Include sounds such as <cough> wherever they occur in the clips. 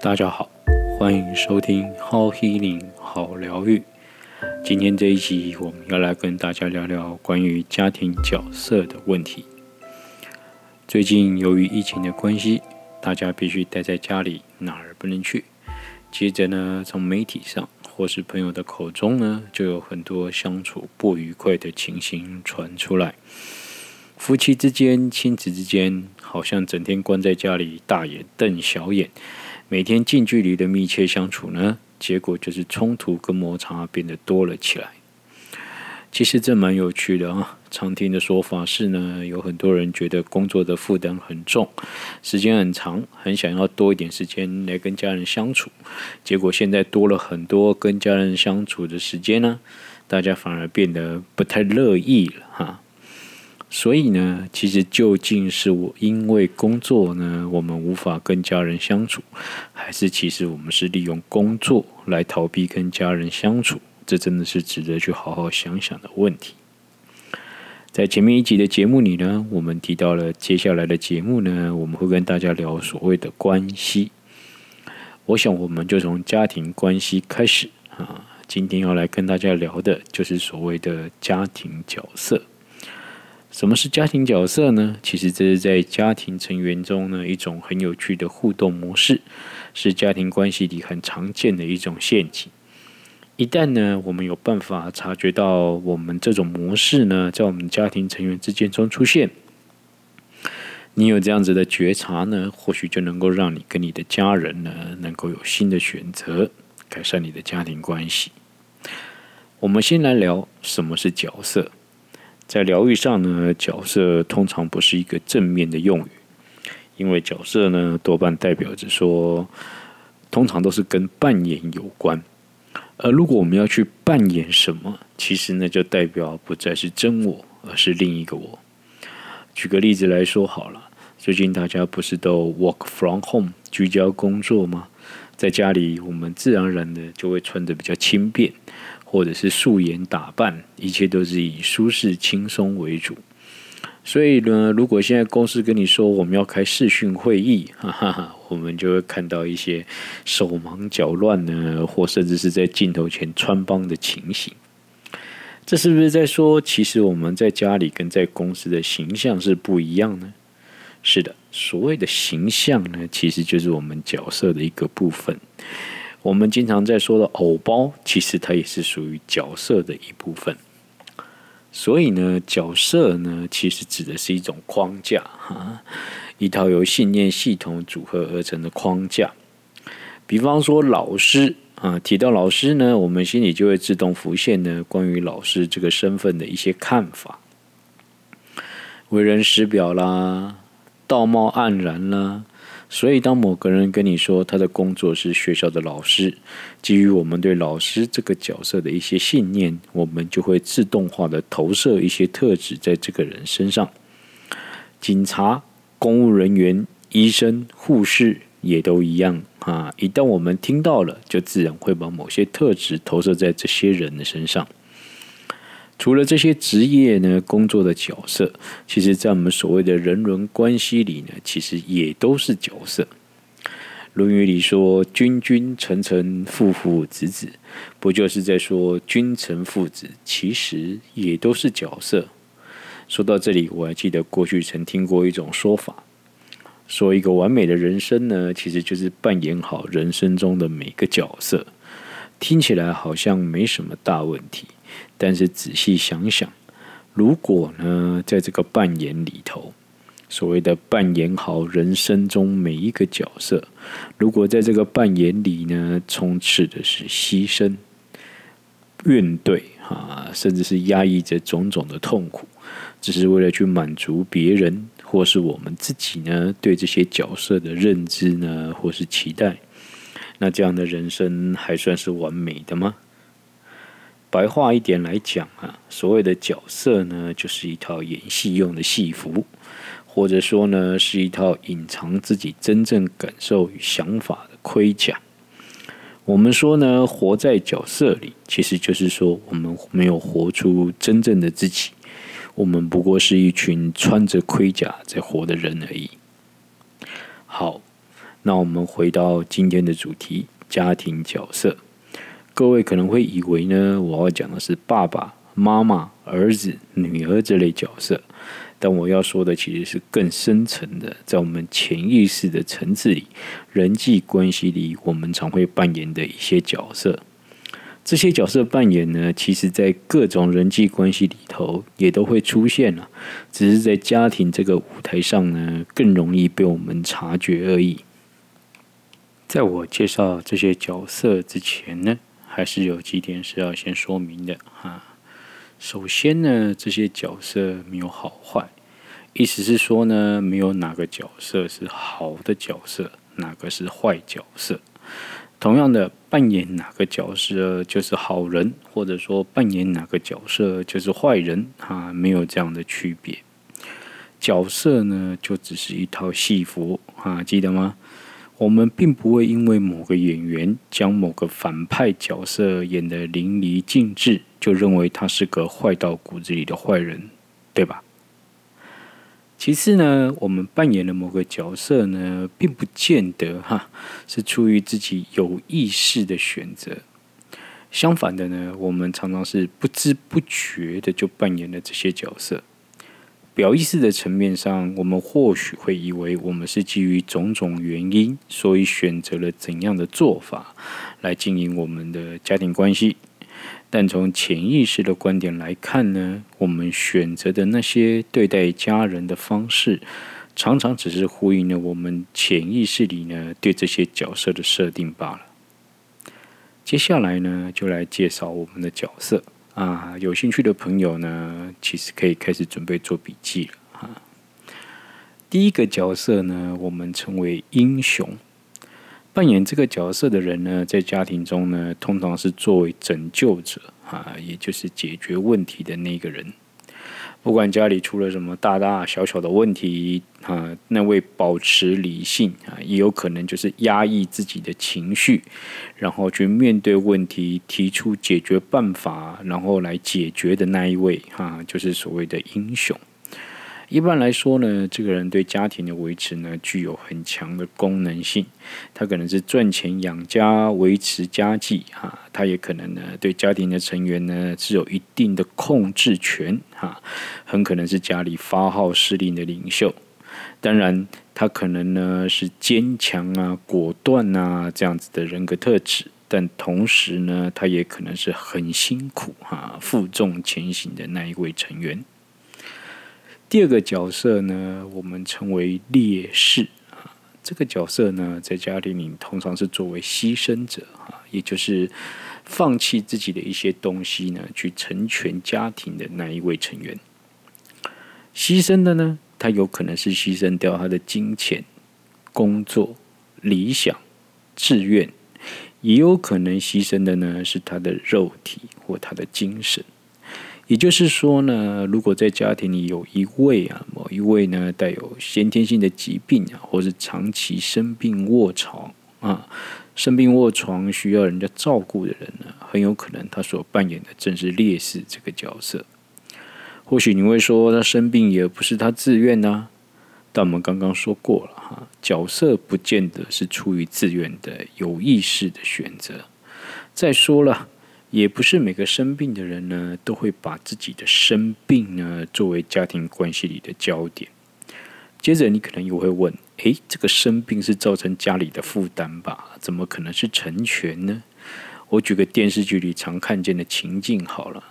大家好，歡迎收聽《How Healing 好療癒》。今天這一集，我們要來跟大家聊聊關於家庭角色的問題。最近由於疫情的關係，大家必須待在家裡，哪兒不能去。接着呢，從媒體上或是朋友的口中呢，就有很多相處不愉快的情形傳出來。夫妻之間、親子之間，好像整天關在家裡，大眼瞪小眼。每天近距離的密切相處呢，結果就是衝突跟摩擦啊，變得多了起來。其實這蠻有趣的啊。常聽的說法是呢，有很多人覺得工作的負擔很重，時間很長，很想要多一點時間來跟家人相處。結果現在多了很多跟家人相處的時間呢啊，大家反而變得不太樂意了哈啊。所以呢，其實究竟是我因為工作呢，我們無法跟家人相處，還是其實我們是利用工作來逃避跟家人相處？這真的是值得去好好想想的問題。在前面一集的節目裡呢，我們提到了接下來的節目呢，我們會跟大家聊所謂的關係。我想我們就從家庭關係開始啊，今天要來跟大家聊的就是所謂的家庭角色。什麼是家庭角色呢？其實，這是在家庭成員中呢，一種很有趣的互動模式，是家庭關係裡很常見的一種陷阱。一旦呢，我們有辦法察覺到我們這種模式呢，在我們家庭成員之間中出現，你有這樣子的覺察呢，或許就能夠讓你跟你的家人呢，能夠有新的選擇，改善你的家庭關係。我們先來聊什麼是角色。在療癒上呢，角色通常不是一個正面的用語，因為角色呢多半代表着說，通常都是跟扮演有關。而如果我們要去扮演什麼，其實呢就代表不再是真我，而是另一個我。舉個例子來說好了，最近大家不是都 work from home，聚焦工作嗎？在家裡，我們自然而然的就會穿得比較輕便。或者是素顏打扮，一切都是以舒適輕鬆為主。所以呢，如果現在公司跟你說，我們要開視訊會議，哈哈哈，我們就會看到一些手忙腳亂呢，或甚至是在鏡頭前穿幫的情形。這是不是在說，其實我們在家裡跟在公司的形象是不一樣呢？是的，所謂的形象呢，其實就是我們角色的一個部分。我們經常在說的“偶包”，其實它也是屬於角色的一部分。所以呢，角色呢，其實指的是一種框架，哈，一套由信念系統組合而成的框架。比方說老師啊，提到老師呢，我們心裡就會自動浮現呢關於老師這個身份的一些看法：為人師表啦，道貌岸然啦。所以，當某個人跟你說他的工作是學校的老師，基於我們對老師這個角色的一些信念，我們就會自動化的投射一些特質在這個人身上。警察、公務人員、醫生、護士也都一樣啊，一旦我們聽到了，就自然會把某些特質投射在這些人的身上。除了這些職業呢，工作的角色，其實在我們所謂的人倫關係裡呢，其實也都是角色。《論語》裡說“君君臣臣父父子子”，不就是在說君臣父子，其實也都是角色？說到這裡，我還記得過去曾聽過一種說法，說一個完美的人生呢，其實就是扮演好人生中的每個角色。聽起來好像沒什麼大問題。但是仔細想想，如果呢，在這個扮演裡頭，所謂的扮演好人生中每一個角色，如果在這個扮演裡呢，充斥的是犧牲、怨懟啊，甚至是壓抑着種種的痛苦，只是為了去滿足別人，或是我們自己呢，對這些角色的認知呢，或是期待，那這樣的人生還算是完美的嗎？白話一點來講啊，所謂的角色呢，就是一套演戲用的戲服，或者說呢，是一套隱藏自己真正感受與想法的盔甲。我們說呢，活在角色裡，其實就是說我們沒有活出真正的自己，我們不過是一群穿着盔甲在活的人而已。好，那我們回到今天的主題，家庭角色。各位可能會以為呢，我要講的是爸爸媽媽、兒子、女兒這類角色，但我要說的其實是更深層的，在我們潛意識的層次裡，人際關係裡，我們常會扮演的一些角色。這些角色扮演呢，其實在各種人際關係裡頭也都會出現了啊，只是在家庭這個舞台上呢，更容易被我們察覺而已。在我介紹這些角色之前呢，還是有幾點是要先說明的哈。首先呢，這些角色沒有好壞，意思是說呢，沒有哪個角色是好的角色，哪個是壞角色。同樣的，扮演哪個角色就是好人，或者說扮演哪個角色就是壞人，啊，沒有這樣的區別。角色呢，就只是一套戲服，啊，記得嗎？我們並不會因為某個演員將某個反派角色演得淋漓盡致，就認為他是個壞到骨子裡的壞人，對吧？其次呢，我們扮演的某個角色呢，並不見得哈是出於自己有意識的選擇，相反的呢，我們常常是不知不覺的就扮演了這些角色。表意識的層面上，我們或許會以為我們是基於種種原因，所以選擇了怎樣的做法來經營我們的家庭關係。但從潛意識的觀點來看呢，我們選擇的那些對待家人的方式，常常只是呼應了我們潛意識裡呢，對這些角色的設定罷了。接下來呢，就來介紹我們的角色。啊，有興趣的朋友呢，其實可以開始準備做筆記了啊。第一個角色呢，我們稱為英雄，扮演這個角色的人呢，在家庭中呢，通常是作為拯救者啊，也就是解決問題的那個人。不管家裡出了什麼大大小小的問題，啊，那位保持理性啊，也有可能就是壓抑自己的情緒，然後去面對問題，提出解決辦法，然後來解決的那一位，哈，就是所謂的英雄。一般來說呢，這個人對家庭的維持呢，具有很強的功能性，他可能是賺錢養家、維持家計，哈、啊，他也可能呢對家庭的成員呢是有一定的控制權，哈、啊，很可能是家裡發號施令的領袖。當然，他可能呢是堅強啊、果斷啊這樣子的人格特質，但同時呢，他也可能是很辛苦哈、啊、負重前行的那一位成員。第二個角色呢，我們稱為烈士啊。這個角色呢，在家庭裡通常是作為犧牲者啊，也就是放棄自己的一些東西呢，去成全家庭的那一位成員。犧牲的呢，他有可能是犧牲掉他的金錢、工作、理想、志願，也有可能犧牲的呢是他的肉體或他的精神。也就是說呢，如果在家庭裡有一位啊，某一位呢帶有先天性的疾病啊，或是長期生病臥床啊，生病臥床需要人家照顧的人呢，很有可能他所扮演的正是烈士這個角色。或許你會說他生病也不是他自願吶、啊，但我們剛剛說過了哈、啊，角色不見得是出於自願的有意識的選擇。再說了。也不是每個生病的人呢，都會把自己的生病呢作為家庭關係裡的焦點。接着，你可能又會問：誒，這個生病是造成家裡的負擔吧？怎麼可能是成全呢？我舉個電視劇裡常看見的情景好了。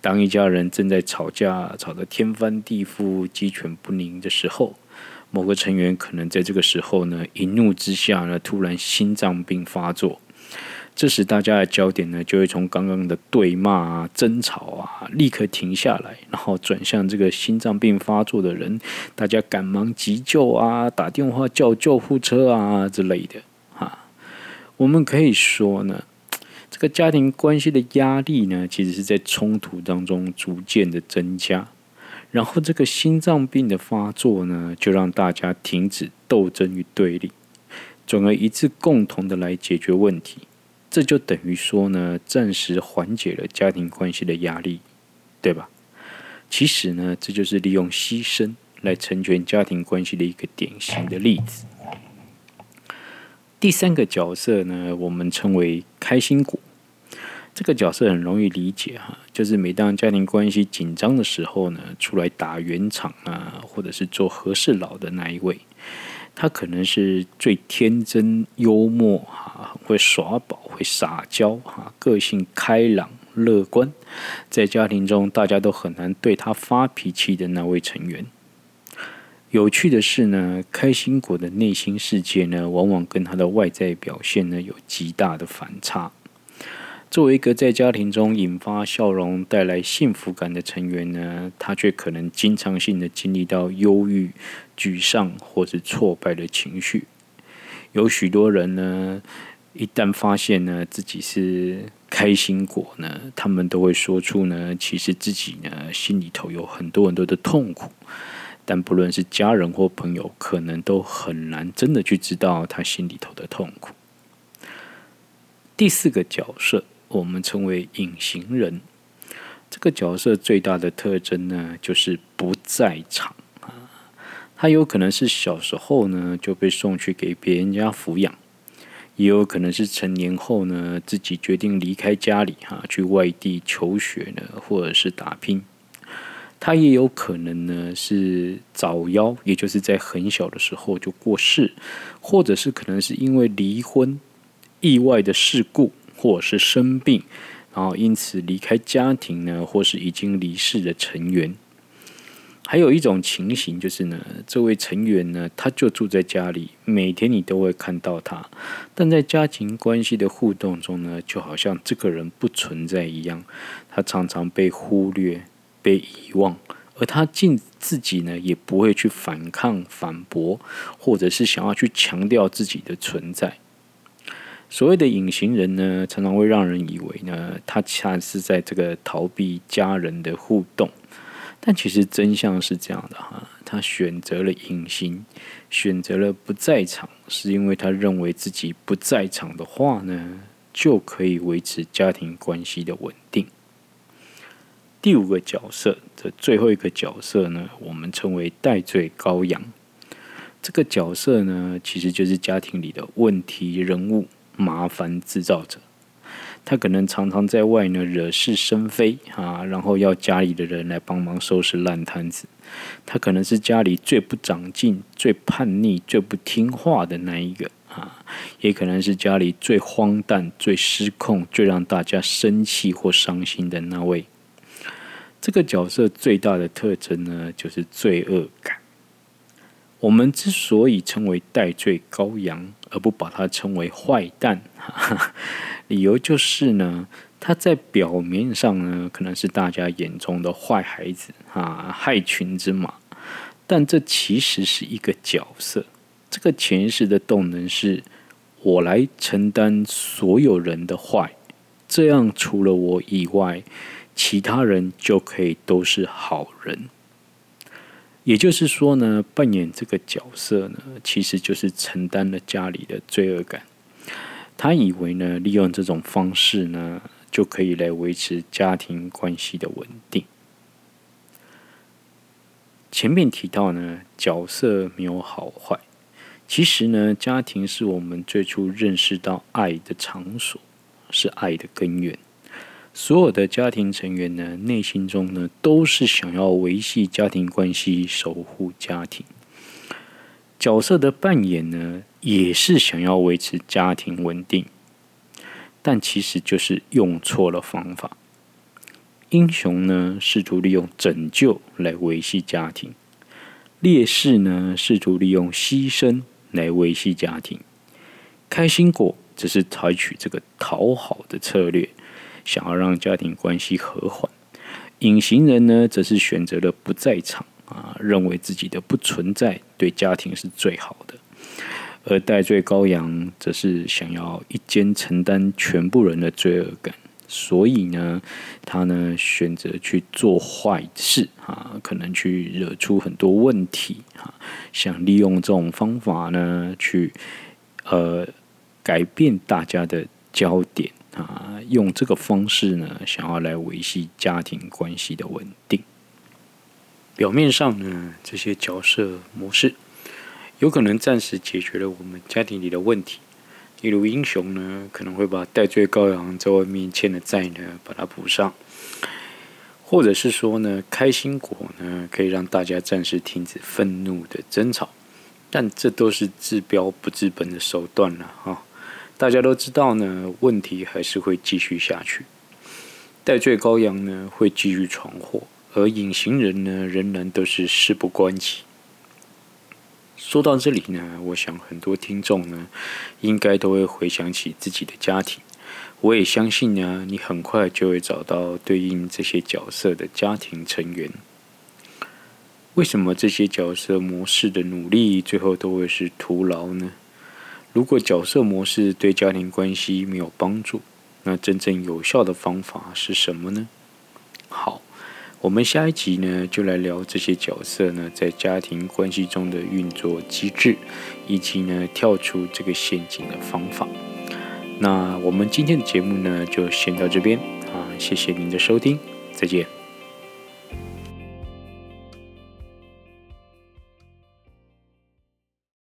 當一家人正在吵架，吵得天翻地覆、雞犬不寧的時候，某個成員可能在這個時候呢，一怒之下呢，突然心臟病發作。這時，大家的焦點呢，就會從剛剛的對罵啊、爭吵啊，立刻停下來，然後轉向這個心臟病發作的人。大家趕忙急救啊，打電話叫救護車啊之類的。啊。我們可以說呢，這個家庭關係的壓力呢，其實是在衝突當中逐漸的增加，然後這個心臟病的發作呢，就讓大家停止鬥爭與對立，轉而一致共同的來解決問題。這就等於說呢，暫時緩解了家庭關係的壓力，對吧？其實呢，這就是利用犧牲來成全家庭關係的一個典型的例子。第三個角色呢，我們稱為開心果。這個角色很容易理解哈，就是每當家庭關係緊張的時候呢，出來打圓場啊，或者是做和事佬的那一位。他可能是最天真幽默哈，會耍寶，會撒嬌哈，個性開朗樂觀，在家庭中大家都很難對他發脾氣的那位成員。有趣的是呢，開心果的內心世界呢，往往跟他的外在表現呢有極大的反差。作為一個在家庭中引發笑容、帶來幸福感的成員呢，他卻可能經常性的經歷到憂鬱、沮喪或是挫敗的情緒。有許多人呢，一旦發現呢自己是開心果呢，他們都會說出呢，其實自己呢心裡頭有很多很多的痛苦。但不論是家人或朋友，可能都很難真的去知道他心裡頭的痛苦。第四個角色，我們稱為隱形人。這個角色最大的特徵呢，就是不在場啊。他有可能是小時候呢就被送去給別人家撫養，也有可能是成年後呢自己決定離開家裡哈、啊，去外地求學呢，或者是打拼。他也有可能呢是早夭，也就是在很小的時候就過世，或者是可能是因為離婚、意外的事故。或是生病，然後因此離開家庭呢，或是已經離世的成員。還有一種情形就是呢，這位成員呢，他就住在家裡，每天你都會看到他，但在家庭關係的互動中呢，就好像這個人不存在一樣，他常常被忽略、被遺忘，而他竟自己呢，也不會去反抗、反駁，或者是想要去強調自己的存在。所謂的隱形人呢，常常會讓人以為呢，他其實是在這個逃避家人的互動。但其實真相是這樣的哈，他選擇了隱形，選擇了不在場，是因為他認為自己不在場的話呢，就可以維持家庭關係的穩定。第五個角色，這最後一個角色呢，我們稱為代罪羔羊。這個角色呢，其實就是家庭裡的問題人物。麻煩製造者，他可能常常在外呢惹是生非啊，然後要家裡的人來幫忙收拾爛攤子。他可能是家裡最不長進、最叛逆、最不聽話的那一個啊，也可能是家裡最荒誕、最失控、最讓大家生氣或傷心的那位。這個角色最大的特徵呢，就是罪惡感。我們之所以稱為代罪羔羊。而不把他稱為壞蛋， <laughs> 理由就是呢，他在表面上呢，可能是大家眼中的壞孩子啊，害群之馬，但這其實是一個角色，這個潛意識的動能是，我來承擔所有人的壞，這樣除了我以外，其他人就可以都是好人。也就是說呢，扮演這個角色呢，其實就是承擔了家裡的罪惡感。他以為呢，利用這種方式呢，就可以來維持家庭關係的穩定。前面提到呢，角色沒有好壞。其實呢，家庭是我們最初認識到愛的場所，是愛的根源。所有的家庭成員呢，內心中呢，都是想要維繫家庭關係，守護家庭。角色的扮演呢，也是想要維持家庭穩定，但其實就是用錯了方法。英雄呢，試圖利用拯救來維繫家庭；烈士呢，試圖利用犧牲來維繫家庭；開心果只是採取這個討好的策略。想要讓家庭關係和緩，隱形人呢，則是選擇了不在場啊，認為自己的不存在對家庭是最好的；而代罪羔羊，則是想要一肩承擔全部人的罪惡感，所以呢，他呢，選擇去做壞事啊，可能去惹出很多問題啊，想利用這種方法呢，去呃改變大家的焦點啊。用這個方式呢，想要來維繫家庭關係的穩定。表面上呢，這些角色模式有可能暫時解決了我們家庭裡的問題，例如英雄呢，可能會把戴罪羔羊在外面欠的債呢，把它補上；或者是說呢，開心果呢，可以讓大家暫時停止憤怒的爭吵。但這都是治標不治本的手段了，哈。大家都知道呢，問題還是會繼續下去。戴罪羔羊呢會繼續闖禍，而隱形人呢仍然都是事不關己。說到這裡呢，我想很多聽眾呢，應該都會回想起自己的家庭。我也相信呢，你很快就會找到對應這些角色的家庭成員。為什麼這些角色模式的努力最後都會是徒勞呢？如果角色模式對家庭關係沒有幫助，那真正有效的方法是什麼呢？好，我們下一集呢就來聊這些角色呢在家庭關係中的運作機制，以及呢跳出這個陷阱的方法。那我們今天的節目呢就先到這邊啊，謝謝您的收聽，再見。